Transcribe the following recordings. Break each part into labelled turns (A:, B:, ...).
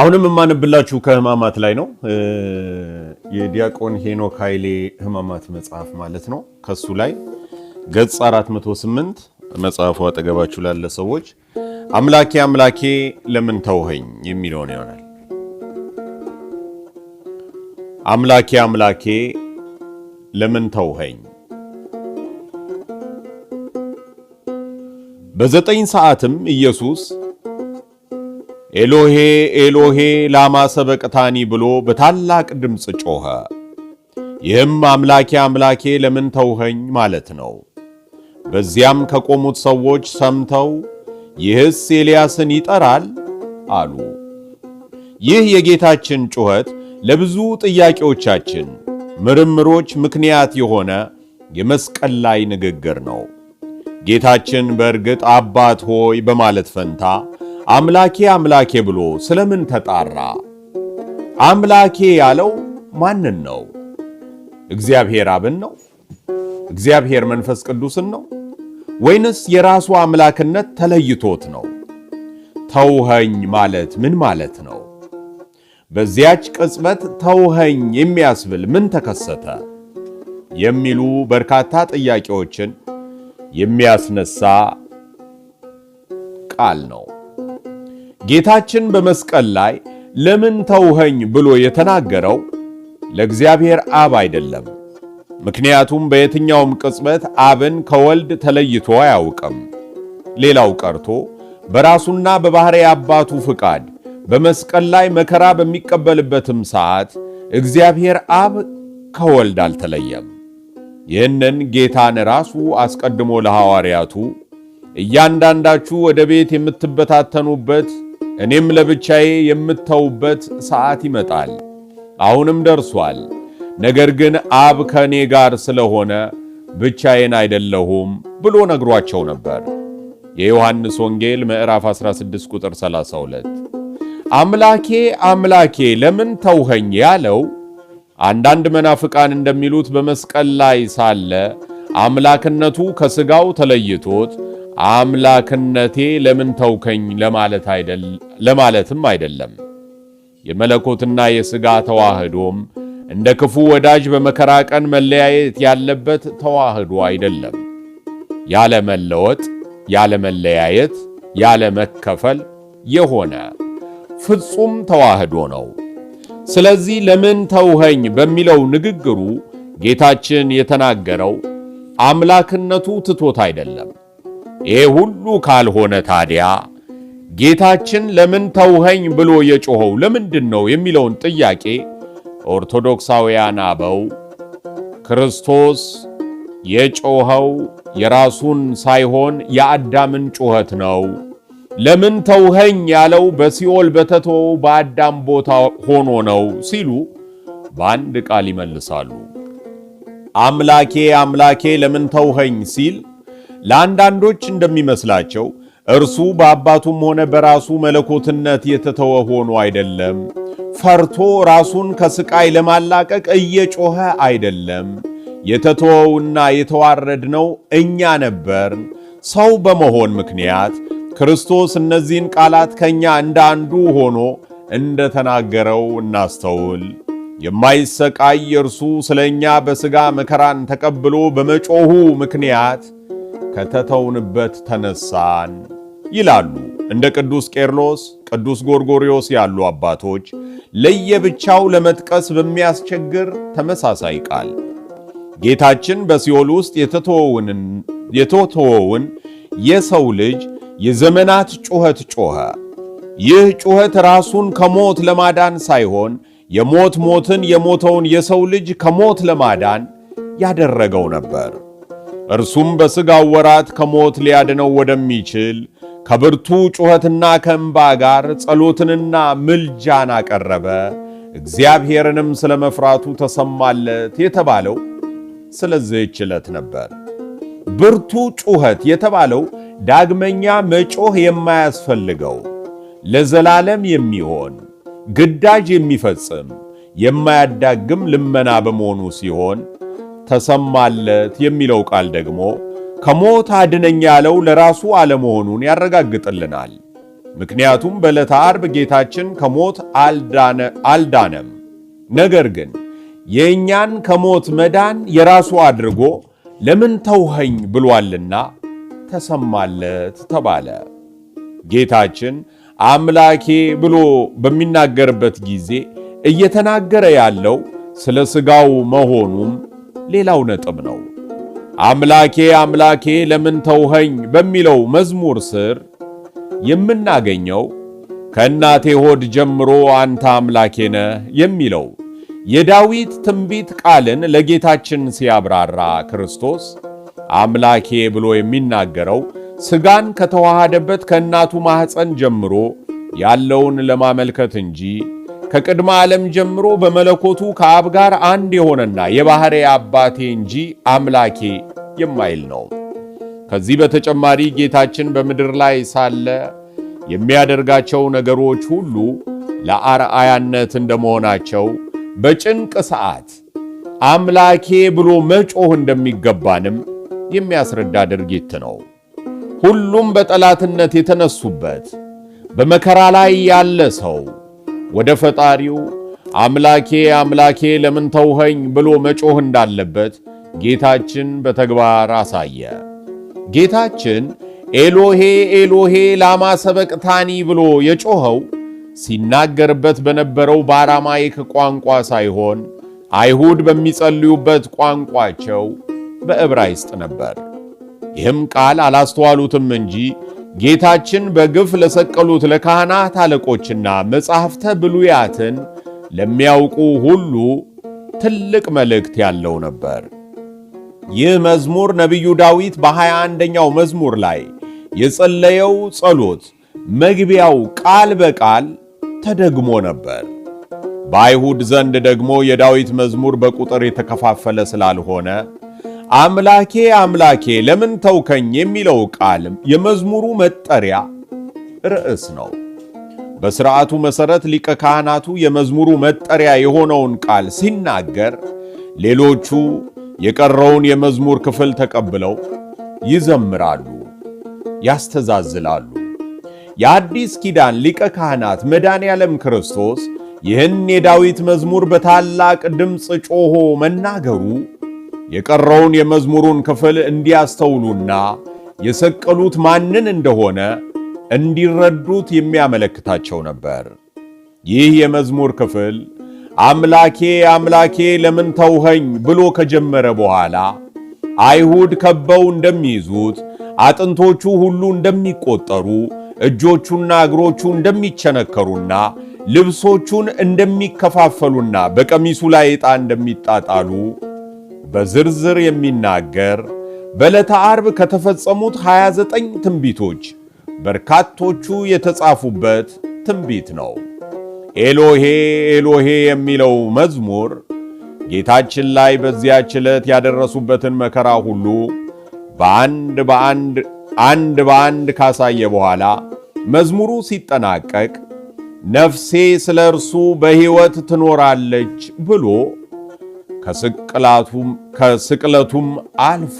A: አሁንም የማንብላችሁ ከህማማት ላይ ነው። የዲያቆን ሄኖክ ኃይሌ ህማማት መጽሐፍ ማለት ነው። ከሱ ላይ ገጽ 408 መጽሐፉ አጠገባችሁ ላለ ሰዎች አምላኬ አምላኬ ለምን ተውኸኝ የሚለውን ይሆናል። አምላኬ አምላኬ ለምን ተውኸኝ በዘጠኝ ሰዓትም ኢየሱስ ኤሎሄ ኤሎሄ ላማ ሰበቅታኒ ብሎ በታላቅ ድምፅ ጮኸ። ይህም አምላኬ አምላኬ ለምን ተውኸኝ ማለት ነው። በዚያም ከቆሙት ሰዎች ሰምተው ይህስ ኤልያስን ይጠራል አሉ። ይህ የጌታችን ጩኸት ለብዙ ጥያቄዎቻችን ምርምሮች ምክንያት የሆነ የመስቀል ላይ ንግግር ነው። ጌታችን በእርግጥ አባት ሆይ በማለት ፈንታ አምላኬ አምላኬ ብሎ ስለምን ተጣራ? አምላኬ ያለው ማንን ነው? እግዚአብሔር አብን ነው? እግዚአብሔር መንፈስ ቅዱስን ነው? ወይንስ የራሱ አምላክነት ተለይቶት ነው? ተውኸኝ ማለት ምን ማለት ነው? በዚያች ቅጽበት ተውኸኝ የሚያስብል ምን ተከሰተ? የሚሉ በርካታ ጥያቄዎችን የሚያስነሳ ቃል ነው። ጌታችን በመስቀል ላይ ለምን ተውኸኝ ብሎ የተናገረው ለእግዚአብሔር አብ አይደለም። ምክንያቱም በየትኛውም ቅጽበት አብን ከወልድ ተለይቶ አያውቅም። ሌላው ቀርቶ በራሱና በባሕሪ አባቱ ፍቃድ በመስቀል ላይ መከራ በሚቀበልበትም ሰዓት እግዚአብሔር አብ ከወልድ አልተለየም። ይህንን ጌታን ራሱ አስቀድሞ ለሐዋርያቱ እያንዳንዳችሁ ወደ ቤት የምትበታተኑበት እኔም ለብቻዬ የምተውበት ሰዓት ይመጣል፣ አሁንም ደርሷል። ነገር ግን አብ ከእኔ ጋር ስለሆነ ብቻዬን አይደለሁም ብሎ ነግሯቸው ነበር። የዮሐንስ ወንጌል ምዕራፍ 16 ቁጥር 32 አምላኬ አምላኬ ለምን ተውኸኝ ያለው አንዳንድ መናፍቃን እንደሚሉት በመስቀል ላይ ሳለ አምላክነቱ ከስጋው ተለይቶት አምላክነቴ ለምን ተውከኝ ለማለትም አይደለም። የመለኮትና የሥጋ ተዋህዶም እንደ ክፉ ወዳጅ በመከራ ቀን መለያየት ያለበት ተዋህዶ አይደለም። ያለ መለወጥ፣ ያለ መለያየት፣ ያለ መከፈል የሆነ ፍጹም ተዋህዶ ነው። ስለዚህ ለምን ተውኸኝ በሚለው ንግግሩ ጌታችን የተናገረው አምላክነቱ ትቶት አይደለም ይህ ሁሉ ካልሆነ ታዲያ ጌታችን ለምን ተውኸኝ ብሎ የጮኸው ለምንድን ነው የሚለውን ጥያቄ ኦርቶዶክሳውያን አበው ክርስቶስ የጮኸው የራሱን ሳይሆን የአዳምን ጩኸት ነው። ለምን ተውኸኝ ያለው በሲኦል በተተወው በአዳም ቦታ ሆኖ ነው ሲሉ በአንድ ቃል ይመልሳሉ። አምላኬ አምላኬ ለምን ተውኸኝ ሲል ለአንዳንዶች እንደሚመስላቸው እርሱ በአባቱም ሆነ በራሱ መለኮትነት የተተወ ሆኖ አይደለም። ፈርቶ ራሱን ከስቃይ ለማላቀቅ እየጮኸ አይደለም። የተተወውና የተዋረድነው እኛ ነበር ሰው በመሆን ምክንያት ክርስቶስ እነዚህን ቃላት ከእኛ እንደ አንዱ ሆኖ እንደተናገረው እናስተውል። የማይሰቃይ እርሱ ስለ እኛ በሥጋ መከራን ተቀብሎ በመጮኹ ምክንያት ከተተውንበት ተነሳን ይላሉ። እንደ ቅዱስ ቄርሎስ፣ ቅዱስ ጎርጎሪዮስ ያሉ አባቶች ለየብቻው ለመጥቀስ በሚያስቸግር ተመሳሳይ ቃል ጌታችን በሲኦል ውስጥ የተተወውን የሰው ልጅ የዘመናት ጩኸት ጮኸ። ይህ ጩኸት ራሱን ከሞት ለማዳን ሳይሆን የሞት ሞትን የሞተውን የሰው ልጅ ከሞት ለማዳን ያደረገው ነበር። እርሱም በሥጋው ወራት ከሞት ሊያድነው ወደሚችል ከብርቱ ጩኸትና ከእንባ ጋር ጸሎትንና ምልጃን አቀረበ። እግዚአብሔርንም ስለ መፍራቱ ተሰማለት የተባለው ስለዚህች ዕለት ነበር። ብርቱ ጩኸት የተባለው ዳግመኛ መጮህ የማያስፈልገው ለዘላለም የሚሆን ግዳጅ የሚፈጽም የማያዳግም ልመና በመሆኑ ሲሆን ተሰማለት የሚለው ቃል ደግሞ ከሞት አድነኝ ያለው ለራሱ አለመሆኑን ያረጋግጥልናል። ምክንያቱም በዕለተ ዓርብ ጌታችን ከሞት አልዳነም። ነገር ግን የእኛን ከሞት መዳን የራሱ አድርጎ ለምን ተውኸኝ ብሏልና ተሰማለት ተባለ። ጌታችን አምላኬ ብሎ በሚናገርበት ጊዜ እየተናገረ ያለው ስለ ሥጋው መሆኑም ሌላው ነጥብ ነው። አምላኬ አምላኬ ለምን ተውኸኝ በሚለው መዝሙር ስር የምናገኘው ከእናቴ ሆድ ጀምሮ አንተ አምላኬ ነህ የሚለው የዳዊት ትንቢት ቃልን ለጌታችን ሲያብራራ ክርስቶስ አምላኬ ብሎ የሚናገረው ሥጋን ከተዋሃደበት ከእናቱ ማኅፀን ጀምሮ ያለውን ለማመልከት እንጂ ከቅድመ ዓለም ጀምሮ በመለኮቱ ከአብ ጋር አንድ የሆነና የባሕርይ አባቴ እንጂ አምላኬ የማይል ነው። ከዚህ በተጨማሪ ጌታችን በምድር ላይ ሳለ የሚያደርጋቸው ነገሮች ሁሉ ለአርአያነት እንደመሆናቸው በጭንቅ ሰዓት አምላኬ ብሎ መጮህ እንደሚገባንም የሚያስረዳ ድርጊት ነው። ሁሉም በጠላትነት የተነሱበት በመከራ ላይ ያለ ሰው ወደ ፈጣሪው አምላኬ አምላኬ ለምን ተውኸኝ ብሎ መጮህ እንዳለበት ጌታችን በተግባር አሳየ። ጌታችን ኤሎሄ ኤሎሄ ላማ ሰበቅታኒ ብሎ የጮኸው ሲናገርበት በነበረው በአራማይክ ቋንቋ ሳይሆን አይሁድ በሚጸልዩበት ቋንቋቸው በዕብራይስጥ ነበር። ይህም ቃል አላስተዋሉትም እንጂ ጌታችን በግፍ ለሰቀሉት ለካህናት አለቆችና መጻሕፍተ ብሉያትን ለሚያውቁ ሁሉ ትልቅ መልእክት ያለው ነበር። ይህ መዝሙር ነቢዩ ዳዊት 21 አንደኛው መዝሙር ላይ የጸለየው ጸሎት መግቢያው ቃል በቃል ተደግሞ ነበር። በአይሁድ ዘንድ ደግሞ የዳዊት መዝሙር በቁጥር የተከፋፈለ ስላልሆነ አምላኬ አምላኬ ለምን ተውከኝ የሚለው ቃል የመዝሙሩ መጠሪያ ርዕስ ነው። በሥርዓቱ መሠረት ሊቀ ካህናቱ የመዝሙሩ መጠሪያ የሆነውን ቃል ሲናገር፣ ሌሎቹ የቀረውን የመዝሙር ክፍል ተቀብለው ይዘምራሉ፣ ያስተዛዝላሉ። የአዲስ ኪዳን ሊቀ ካህናት መድኃኔ ዓለም ክርስቶስ ይህን የዳዊት መዝሙር በታላቅ ድምፅ ጮሆ መናገሩ የቀረውን የመዝሙሩን ክፍል እንዲያስተውሉና የሰቀሉት ማንን እንደሆነ እንዲረዱት የሚያመለክታቸው ነበር። ይህ የመዝሙር ክፍል አምላኬ አምላኬ ለምን ተውኸኝ ብሎ ከጀመረ በኋላ አይሁድ ከበው እንደሚይዙት፣ አጥንቶቹ ሁሉ እንደሚቆጠሩ፣ እጆቹና እግሮቹ እንደሚቸነከሩና ልብሶቹን እንደሚከፋፈሉና በቀሚሱ ላይ ዕጣ እንደሚጣጣሉ በዝርዝር የሚናገር በዕለተ ዓርብ ከተፈጸሙት 29 ትንቢቶች በርካቶቹ የተጻፉበት ትንቢት ነው። ኤሎሄ ኤሎሄ የሚለው መዝሙር ጌታችን ላይ በዚያች ዕለት ያደረሱበትን መከራ ሁሉ በአንድ በአንድ አንድ በአንድ ካሳየ በኋላ መዝሙሩ ሲጠናቀቅ ነፍሴ ስለ እርሱ በሕይወት ትኖራለች ብሎ ከስቅለቱም አልፎ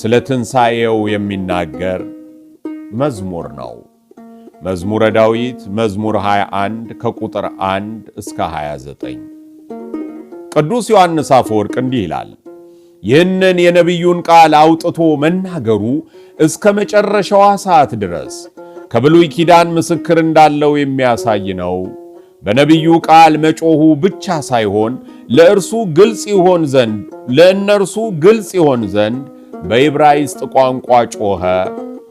A: ስለ ትንሣኤው የሚናገር መዝሙር ነው። መዝሙረ ዳዊት መዝሙር 21 ከቁጥር 1 እስከ 29። ቅዱስ ዮሐንስ አፈወርቅ እንዲህ ይላል፣ ይህንን የነቢዩን ቃል አውጥቶ መናገሩ እስከ መጨረሻዋ ሰዓት ድረስ ከብሉይ ኪዳን ምስክር እንዳለው የሚያሳይ ነው በነቢዩ ቃል መጮሁ ብቻ ሳይሆን ለእርሱ ግልጽ ይሆን ዘንድ ለእነርሱ ግልጽ ይሆን ዘንድ በዕብራይስጥ ቋንቋ ጮኸ።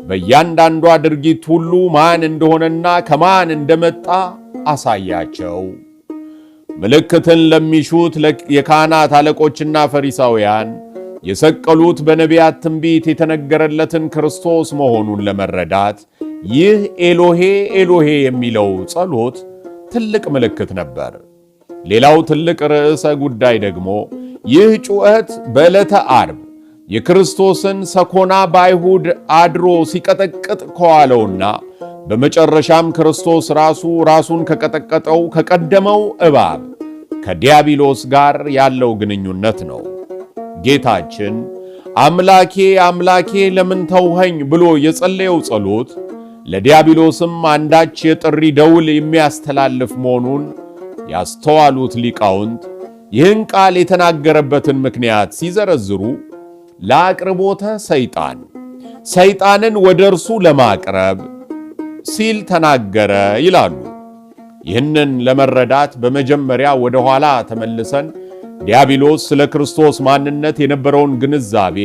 A: በእያንዳንዷ ድርጊት ሁሉ ማን እንደሆነና ከማን እንደመጣ አሳያቸው። ምልክትን ለሚሹት የካህናት አለቆችና ፈሪሳውያን የሰቀሉት በነቢያት ትንቢት የተነገረለትን ክርስቶስ መሆኑን ለመረዳት ይህ ኤሎሄ ኤሎሄ የሚለው ጸሎት ትልቅ ምልክት ነበር። ሌላው ትልቅ ርዕሰ ጉዳይ ደግሞ ይህ ጩኸት በዕለተ ዓርብ የክርስቶስን ሰኮና በአይሁድ አድሮ ሲቀጠቅጥ ከዋለውና በመጨረሻም ክርስቶስ ራሱ ራሱን ከቀጠቀጠው ከቀደመው እባብ ከዲያብሎስ ጋር ያለው ግንኙነት ነው። ጌታችን አምላኬ አምላኬ ለምን ተውኸኝ ብሎ የጸለየው ጸሎት ለዲያብሎስም አንዳች የጥሪ ደውል የሚያስተላልፍ መሆኑን ያስተዋሉት ሊቃውንት ይህን ቃል የተናገረበትን ምክንያት ሲዘረዝሩ ለአቅርቦተ ሰይጣን ሰይጣንን ወደ እርሱ ለማቅረብ ሲል ተናገረ ይላሉ። ይህንን ለመረዳት በመጀመሪያ ወደ ኋላ ተመልሰን ዲያብሎስ ስለ ክርስቶስ ማንነት የነበረውን ግንዛቤ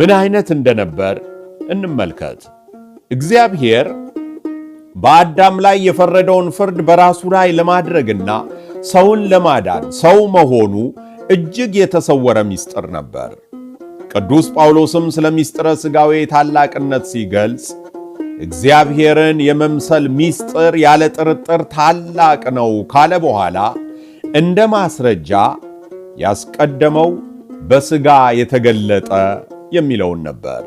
A: ምን አይነት እንደነበር እንመልከት። እግዚአብሔር በአዳም ላይ የፈረደውን ፍርድ በራሱ ላይ ለማድረግና ሰውን ለማዳን ሰው መሆኑ እጅግ የተሰወረ ምስጢር ነበር። ቅዱስ ጳውሎስም ስለ ምስጢረ ሥጋዌ ታላቅነት ሲገልጽ እግዚአብሔርን የመምሰል ምስጢር ያለ ጥርጥር ታላቅ ነው ካለ በኋላ እንደ ማስረጃ ያስቀደመው በሥጋ የተገለጠ የሚለውን ነበር።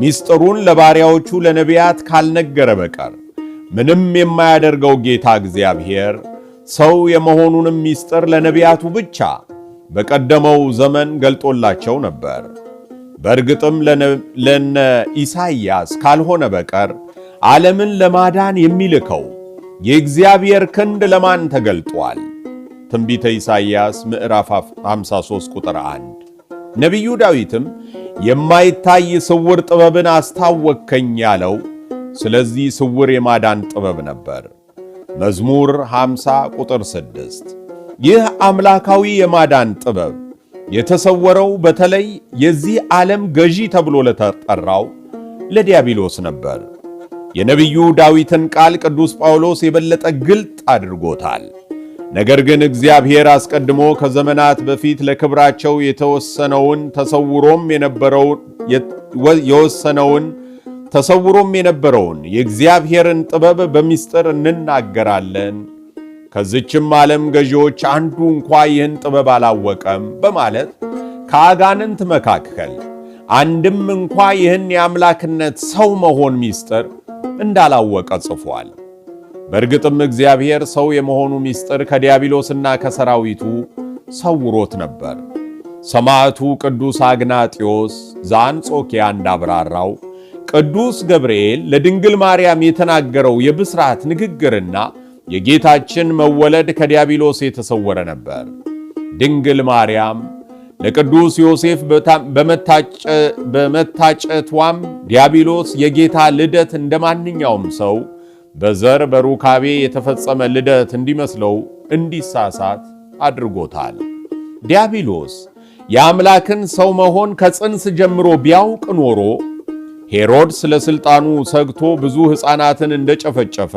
A: ሚስጥሩን ለባሪያዎቹ ለነቢያት ካልነገረ በቀር ምንም የማያደርገው ጌታ እግዚአብሔር ሰው የመሆኑንም ሚስጥር ለነቢያቱ ብቻ በቀደመው ዘመን ገልጦላቸው ነበር። በእርግጥም ለነ ኢሳይያስ ካልሆነ በቀር ዓለምን ለማዳን የሚልከው የእግዚአብሔር ክንድ ለማን ተገልጧል? ትንቢተ ኢሳይያስ ምዕራፍ 53 ቁጥር 1 ነቢዩ ዳዊትም የማይታይ ስውር ጥበብን አስታወከኝ ያለው ስለዚህ ስውር የማዳን ጥበብ ነበር። መዝሙር 50 ቁጥር 6። ይህ አምላካዊ የማዳን ጥበብ የተሰወረው በተለይ የዚህ ዓለም ገዢ ተብሎ ለተጠራው ለዲያብሎስ ነበር። የነቢዩ ዳዊትን ቃል ቅዱስ ጳውሎስ የበለጠ ግልጥ አድርጎታል። ነገር ግን እግዚአብሔር አስቀድሞ ከዘመናት በፊት ለክብራቸው የተወሰነውን ተሰውሮም የነበረውን የወሰነውን ተሰውሮም የነበረውን የእግዚአብሔርን ጥበብ በሚስጥር እንናገራለን ከዚችም ዓለም ገዢዎች አንዱ እንኳ ይህን ጥበብ አላወቀም በማለት ከአጋንንት መካከል አንድም እንኳ ይህን የአምላክነት ሰው መሆን ሚስጥር እንዳላወቀ ጽፏል። በእርግጥም እግዚአብሔር ሰው የመሆኑ ምስጢር ከዲያብሎስና ከሰራዊቱ ሰውሮት ነበር። ሰማዕቱ ቅዱስ አግናጢዮስ ዘአንጾኪያ እንዳብራራው ቅዱስ ገብርኤል ለድንግል ማርያም የተናገረው የብሥራት ንግግርና የጌታችን መወለድ ከዲያብሎስ የተሰወረ ነበር። ድንግል ማርያም ለቅዱስ ዮሴፍ በመታጨቷም ዲያብሎስ የጌታ ልደት እንደ ማንኛውም ሰው በዘር በሩካቤ የተፈጸመ ልደት እንዲመስለው እንዲሳሳት አድርጎታል። ዲያብሎስ የአምላክን ሰው መሆን ከጽንስ ጀምሮ ቢያውቅ ኖሮ ሄሮድስ ለሥልጣኑ ሰግቶ ብዙ ሕፃናትን እንደጨፈጨፈ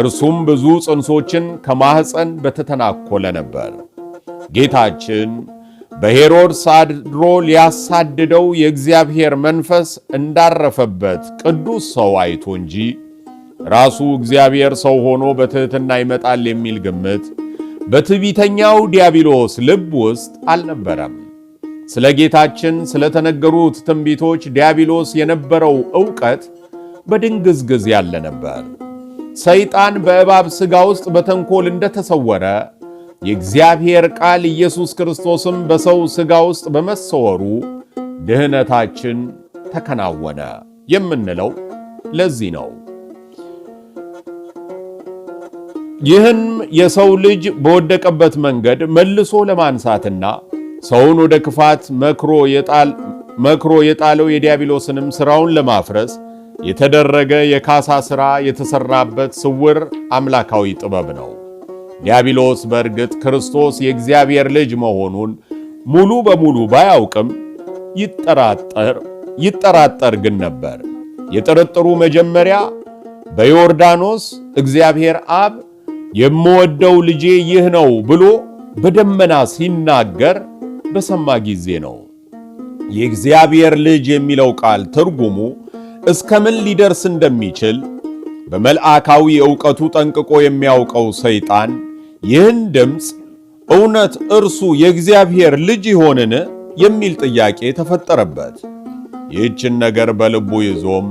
A: እርሱም ብዙ ጽንሶችን ከማኅፀን በተተናኮለ ነበር። ጌታችን በሄሮድስ አድሮ ሊያሳድደው የእግዚአብሔር መንፈስ እንዳረፈበት ቅዱስ ሰው አይቶ እንጂ ራሱ እግዚአብሔር ሰው ሆኖ በትሕትና ይመጣል የሚል ግምት በትዕቢተኛው ዲያብሎስ ልብ ውስጥ አልነበረም። ስለ ጌታችን ስለተነገሩት ትንቢቶች ዲያብሎስ የነበረው ዕውቀት በድንግዝግዝ ያለ ነበር። ሰይጣን በእባብ ሥጋ ውስጥ በተንኮል እንደተሰወረ የእግዚአብሔር ቃል ኢየሱስ ክርስቶስም በሰው ሥጋ ውስጥ በመሰወሩ ድኅነታችን ተከናወነ የምንለው ለዚህ ነው። ይህም የሰው ልጅ በወደቀበት መንገድ መልሶ ለማንሳትና ሰውን ወደ ክፋት መክሮ የጣለው የዲያብሎስንም ሥራውን ለማፍረስ የተደረገ የካሳ ሥራ የተሠራበት ስውር አምላካዊ ጥበብ ነው። ዲያብሎስ በእርግጥ ክርስቶስ የእግዚአብሔር ልጅ መሆኑን ሙሉ በሙሉ ባያውቅም ይጠራጠር ይጠራጠር ግን ነበር። የጥርጥሩ መጀመሪያ በዮርዳኖስ እግዚአብሔር አብ የምወደው ልጄ ይህ ነው ብሎ በደመና ሲናገር በሰማ ጊዜ ነው። የእግዚአብሔር ልጅ የሚለው ቃል ትርጉሙ እስከ ምን ሊደርስ እንደሚችል በመልአካዊ ዕውቀቱ ጠንቅቆ የሚያውቀው ሰይጣን ይህን ድምፅ እውነት እርሱ የእግዚአብሔር ልጅ ይሆንን የሚል ጥያቄ ተፈጠረበት። ይህችን ነገር በልቡ ይዞም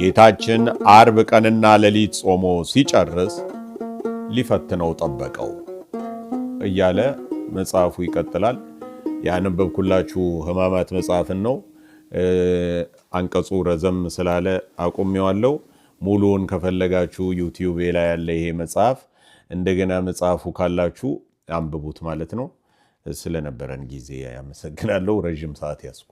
A: ጌታችን አርብ ቀንና ሌሊት ጾሞ ሲጨርስ ሊፈትነው ጠበቀው እያለ መጽሐፉ ይቀጥላል። ያነበብኩላችሁ ሕማማት መጽሐፍን ነው። አንቀጹ ረዘም ስላለ አቁሜዋለሁ። ሙሉውን ከፈለጋችሁ ዩቲዩብ ላይ ያለ ይሄ መጽሐፍ እንደገና መጽሐፉ ካላችሁ አንብቡት ማለት ነው። ስለነበረን ጊዜ ያመሰግናለሁ። ረዥም ሰዓት ያስኩ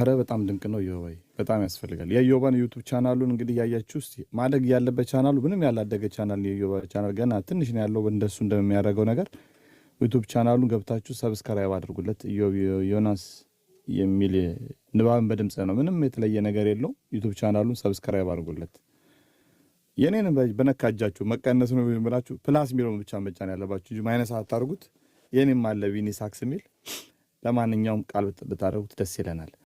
A: አረ በጣም ድንቅ ነው። ዮባይ በጣም ያስፈልጋል። የዮባን ዩቱብ ቻናሉን እንግዲህ ያያችሁ ስ ማደግ ያለበት ቻናሉ ምንም ያላደገ ቻናል የዮባ ቻናል ገና ትንሽ ነው ያለው። እንደሱ እንደሚያደርገው ነገር ዩቱብ ቻናሉን ገብታችሁ ሰብስክራይብ አድርጉለት። ዮናስ የሚል ንባብን በድምፅ ነው። ምንም የተለየ ነገር የለው። ዩቱብ ቻናሉን ሰብስክራይብ አድርጉለት። የኔን በነካጃችሁ መቀነስ ነው ብላችሁ ፕላስ የሚለውን ብቻ መጫን ያለባችሁ ማይነስ አታርጉት። የኔም አለ ቪኒ ሳክስ የሚል ለማንኛውም ቃል ብታደርጉት ደስ ይለናል።